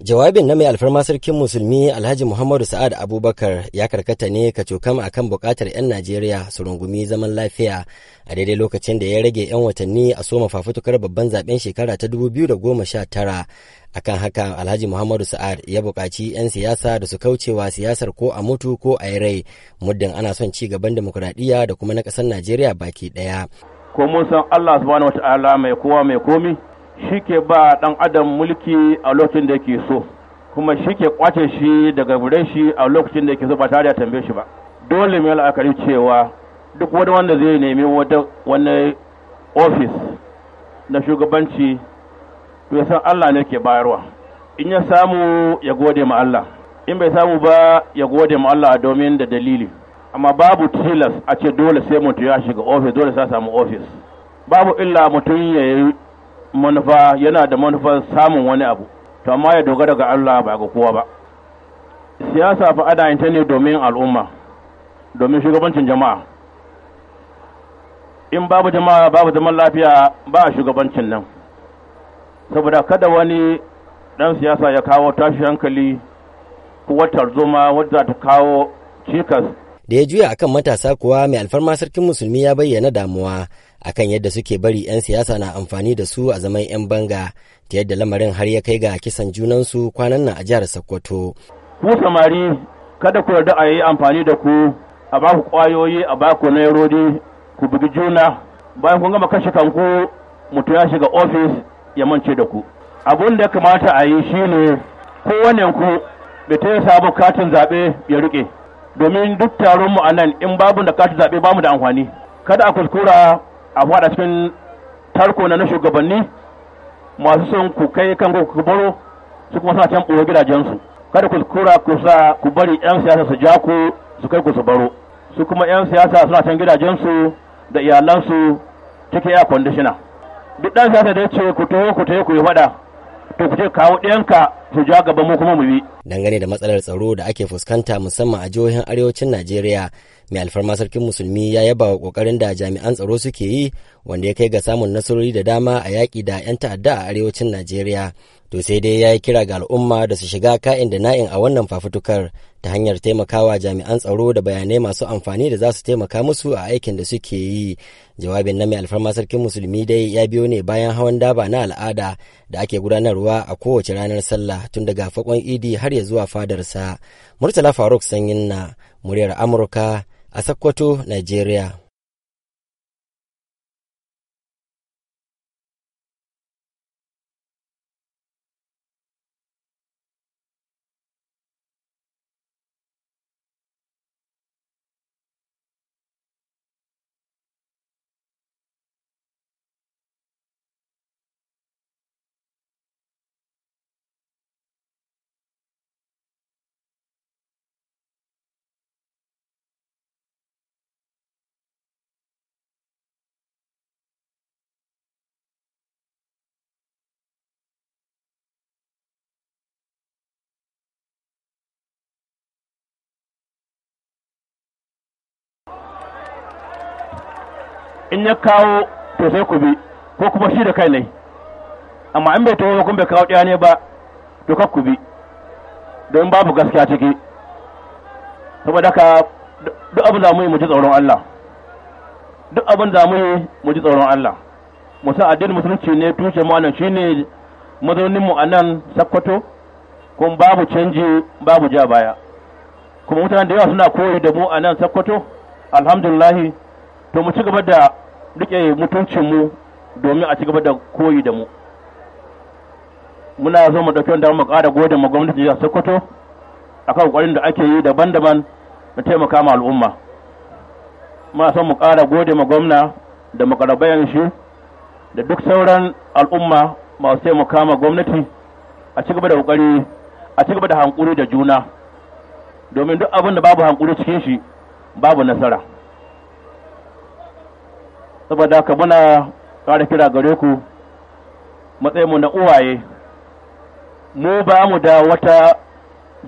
Jawabin na mai alfarma sarkin musulmi Alhaji Muhammadu Sa'ad Abubakar ya karkata ne ka cokam kan bukatar 'yan Najeriya su rungumi zaman lafiya a daidai lokacin da ya rage 'yan watanni a soma fafutukar babban zaben shekara ta 2019 akan haka Alhaji Muhammadu Sa'ad ya buƙaci 'yan siyasa da su kaucewa siyasar ko a mutu ko a rai muddin ana son ci gaban dimokuraɗiyya da kuma na ƙasar Najeriya baki ɗaya. Ko mun san Allah subhanahu wa ta'ala mai kowa mai komi shi ke ba ɗan adam mulki a lokacin da yake so kuma shi ke kwace shi daga gure shi a lokacin da yake so ba tare da tambaye shi ba dole mai la'akari cewa duk wani wanda zai nemi wani ofis na shugabanci to ya san Allah ne ke bayarwa in ya samu ya gode ma Allah in bai samu ba ya gode ma Allah domin da dalili amma babu tilas a ce dole sai mutum ya shiga ofis dole sai samu ofis babu illa mutum ya manufa yana da manufar samun wani abu to amma ya dogara ga Allah ba ga kowa ba siyasa fa ada ta ne domin al'umma domin shugabancin jama'a in babu jama'a babu zaman lafiya ba shugabancin nan saboda kada wani dan siyasa ya kawo tashi hankali ko tarzoma wadda ta kawo cikas da ya juya akan matasa kuwa mai alfarma sarkin musulmi ya bayyana damuwa akan yadda suke bari 'yan siyasa na amfani da su a zaman 'yan banga ta yadda lamarin har ya kai ga kisan junansu kwanan nan a jihar sokoto ku samari kada ku yarda a yi amfani da ku a ba ku kwayoyi a ba ku nairodi ku bugi juna bayan kun gama kashe kanku mutum ya shiga ofis ya mance da ku abun da ya kamata a yi shine kowane ku da ta sabon katin zaɓe ya riƙe domin duk taron mu anan in babu da kati zaɓe bamu da amfani kada a kuskura a faɗa cikin tarko na shugabanni masu son ku kai kan ku baro su kuma sa can ɓoye su kada kuskura ku sa ku bari 'yan siyasa su ja ku su kai ku su baro su kuma 'yan siyasa suna can gidajensu da iyalansu cikin air conditioner duk ɗan siyasa da ya ce ku taho ku taho ku yi faɗa to ku ce kawo ɗayanka su ja gaba mu kuma mu bi. Dangane da matsalar tsaro da ake fuskanta musamman a jihohin arewacin Najeriya, mai alfarma sarkin musulmi ya yaba wa kokarin da jami'an tsaro suke yi wanda ya kai ga samun nasarori da dama a yaƙi da 'yan ta'adda a arewacin Najeriya. to sai dai ya yi kira ga al'umma da su shiga ka'in da na'in a wannan fafutukar ta hanyar taimakawa jami'an tsaro da bayanai masu amfani da za su taimaka musu a aikin da suke yi jawabin na mai alfarma sarkin musulmi dai ya biyo ne bayan hawan daba na al'ada da ake gudanarwa a kowace ranar sallah tun daga fakon idi har ya zuwa fadarsa murtala faruk sanyin na muryar amurka a sakkwato nigeria in ya kawo to sai ku bi ko kuma shi da kai ne amma in bai taho kuma bai kawo ɗaya ne ba to kar ku bi don babu gaskiya ciki saboda ka duk abin da mu yi mu ji tsoron Allah duk abin da mu yi mu ji tsoron Allah musa addinin musulunci ne tushe mu anan shine mazaunin mu anan sakkwato kuma babu canji babu ja baya kuma mutanen da yawa suna koyi da mu anan sakkwato alhamdulillah to mu ci gaba da rike mutuncinmu domin a ci gaba da koyi da mu muna zo mu ɗauki wanda mu ƙara gode ma gwamnati jihar Sokoto akan kokarin da ake yi daban-daban na taimaka ma al'umma muna son mu ƙara gode ma gwamna da makarabayan shi da duk sauran al'umma masu taimaka ma gwamnati a ci gaba da kokari a ci gaba da hankuri da juna domin duk abin da babu hankuri cikin shi babu nasara saboda haka muna ƙara kira gare ku matsayinmu na uwaye mu ba mu da wata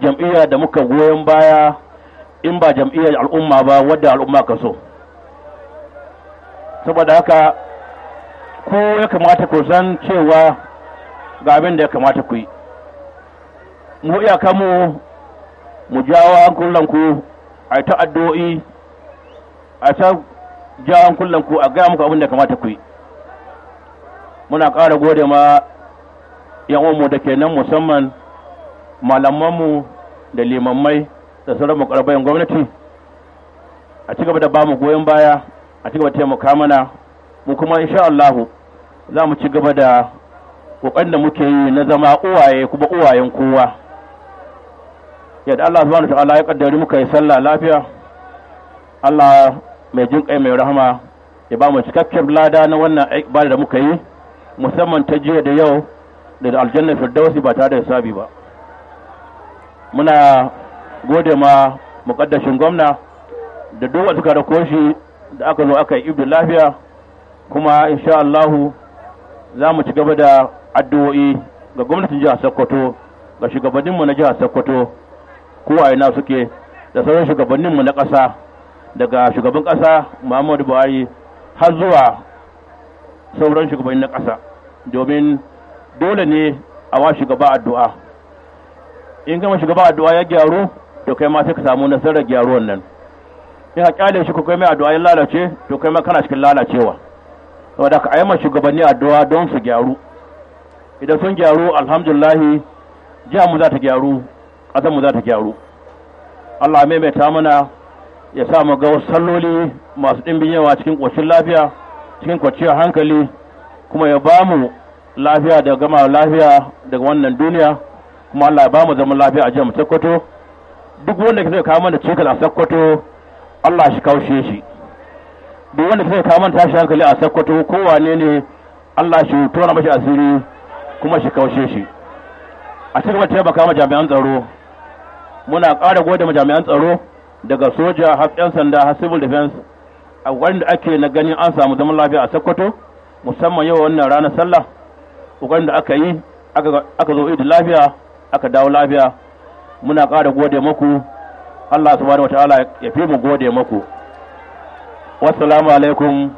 jam'iyya da muka goyon baya in ba jam'iyyar al'umma ba wadda al'umma ka so saboda haka ko ya kamata ku san cewa ga abin da ya kamata ku yi mu iyaka mu mu jawo hankulanku a ta addu'o'i a ta jawon an kullum ku a gaya muku abin da kamata ku yi muna ƙara gode ma mu da ke nan musamman malamanmu da limammai da sauran makarabayin gwamnati a cigaba da ba mu goyon baya a cigaba da taimaka mana mu kuma insha Allah za mu cigaba da kokarin da muke yi na zama uwaye kuma uwayen kowa yadda Allah subhanahu wa ta'ala ya kaddari muka yi sallah lafiya Allah mai jin kai mai rahama ya ba mu cikakken lada na wannan ibada da muka yi musamman ta jiya da yau da aljanna firdausi ba ta da sabi ba muna gode ma mukaddashin gwamna da duk wanda suka rako shi da aka zo aka yi ibdu lafiya kuma insha Allah za mu ci gaba da addu'o'i ga gwamnatin jihar Sokoto ga shugabanninmu na jihar Sokoto kowa a ina suke da sauran shugabanninmu na ƙasa daga shugaban ƙasa muhammadu buhari har zuwa sauran shugabanni na ƙasa domin dole ne a wa shugaba addu'a in gama shugaba addu'a ya gyaru to kai ma sai ka samu nasarar gyaruwan nan in ka kyale shi ko kai mai addu'a ya lalace to kai ma kana cikin lalacewa saboda ka ayyama shugabanni addu'a don su gyaru idan sun gyaru alhamdulillah jiha mu za ta gyaru ƙasar mu za ta gyaru Allah maimaita mana ya sa mu ga wasu salloli masu ɗimbin yawa cikin ƙoshin lafiya cikin kwanciyar hankali kuma ya ba mu lafiya da gama lafiya daga wannan duniya kuma Allah ya ba mu zama lafiya a jihar mu sakkwato duk wanda ke kawo mana cikin a sakkwato Allah shi kaushe shi duk wanda ke kawo mana tashi hankali a Sokoto kowane ne Allah shi tona mashi asiri kuma shi kaushe shi a cikin taimaka ma jami'an tsaro muna ƙara gode ma jami'an tsaro daga soja har yan sanda har civil defense a wanda ake na ganin an samu zaman lafiya a Sokoto musamman yau wannan ranar sallah kokarin da aka yi aka zo idin lafiya aka dawo lafiya muna ƙara gode maku Allah subhanahu wataala ya fi mu gode maku wassalamu alaikum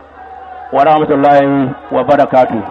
wa rahmatullahi wa barakatuh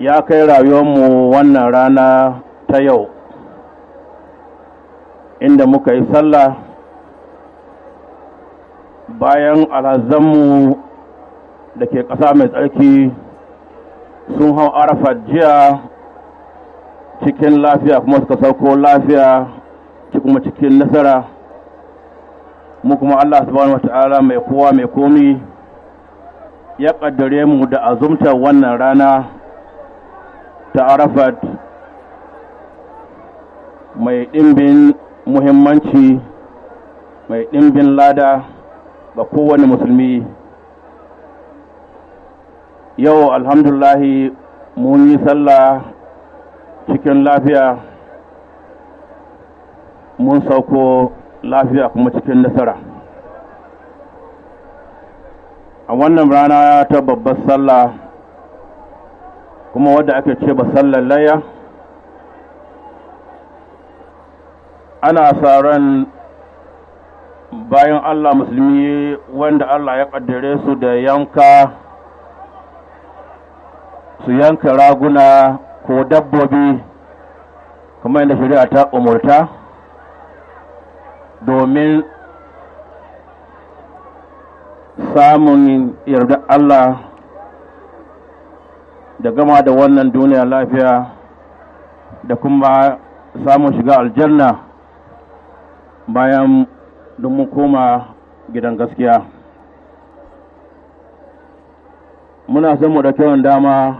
ya kai rayuwar mu wannan rana ta yau inda muka yi sallah bayan alhazanmu da ke ƙasa mai tsarki sun hau arafa jiya cikin lafiya kuma suka sauko lafiya kuma cikin nasara mu kuma Allah subhanahu wata'ala mai kowa mai komi ya ƙaddare mu da azumtar wannan rana ta arafat mai ɗimbin muhimmanci mai ɗimbin lada ga kowane musulmi yau alhamdulahi mun yi sallah cikin lafiya mun sauko lafiya kuma cikin nasara a wannan rana ta babbar sallah kuma wadda ake ce ba sallar layya ana ran bayan allah musulmi wanda allah ya kaddare su da yanka su yanka raguna ko dabbobi kuma yadda shari'a ta umurta domin samun yarda allah da gama da wannan duniya lafiya da kuma samun shiga aljanna bayan mun koma gidan gaskiya muna son mu da kyawun dama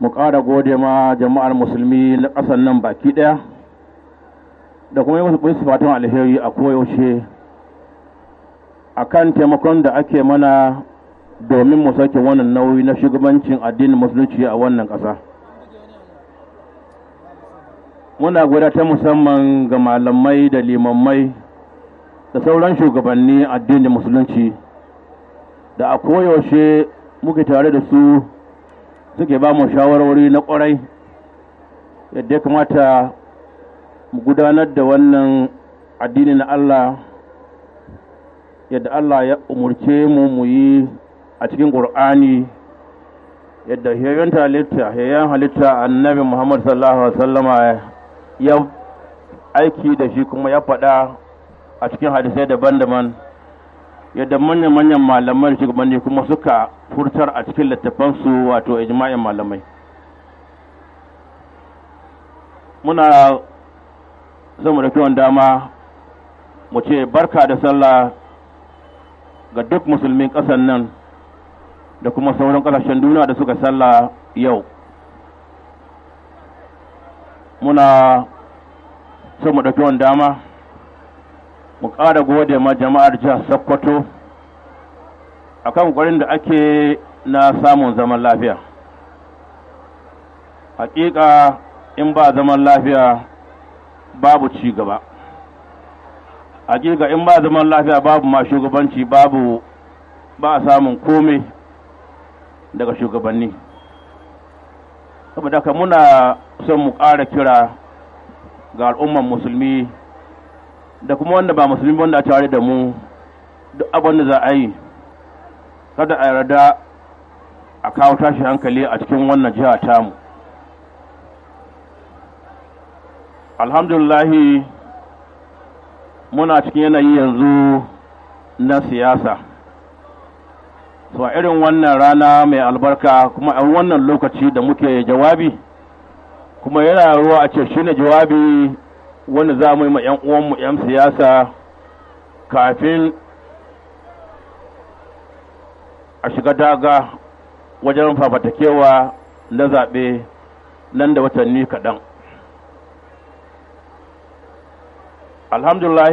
mu ƙara gode ma jama'ar musulmi na ƙasar nan baki ɗaya da kuma yi musu fatan alheri a koyaushe a kan taimakon da ake mana domin mu sauke wannan nauyi na shugabancin addinin musulunci a wannan ƙasa muna gwada ta musamman ga malamai da limammai da sauran shugabanni addinin musulunci da a koyaushe muke tare da su suke ba mu shawarwari na ƙwarai yadda ya kamata mu gudanar da wannan addini na Allah yadda Allah ya umurce mu mu yi a cikin ƙur'ani yadda hiyayen halitta hiyayen halitta annabi muhammad sallallahu alaihi wasallama ya aiki da shi kuma ya faɗa a cikin hadisai daban-daban yadda manyan-manyan shi shugabanni kuma suka furtar a cikin littattafansu wato ijma'in malamai muna zama da kiwon dama mu ce barka da sallah ga duk musulmin ƙasar nan da kuma sauran ƙasashen duniya da suka sallah yau muna son mu ɗauki wani dama mu ƙara gode ma jama'ar jihar sokoto akan kwarin da ake na samun zaman lafiya hakika in ba zaman lafiya babu ci gaba hakika in ba zaman lafiya babu ma shugabanci babu ba a samun komai daga shugabanni saboda haka muna son mu ƙara kira ga al'umman musulmi da kuma wanda ba musulmi wanda a tare da mu duk abin da za a yi kada a yarda a kawo tashi hankali a cikin wannan jiha tamu alhamdulillahi muna cikin yanayi yanzu na siyasa to irin wannan rana mai albarka kuma a wannan lokaci da muke jawabi kuma yana ruwa a ce shine jawabi wanda za mu yi ma 'yan uwanmu 'yan siyasa kafin a shiga daga wajen fafatakewa na zaɓe nan da watanni kaɗan alhamdulillah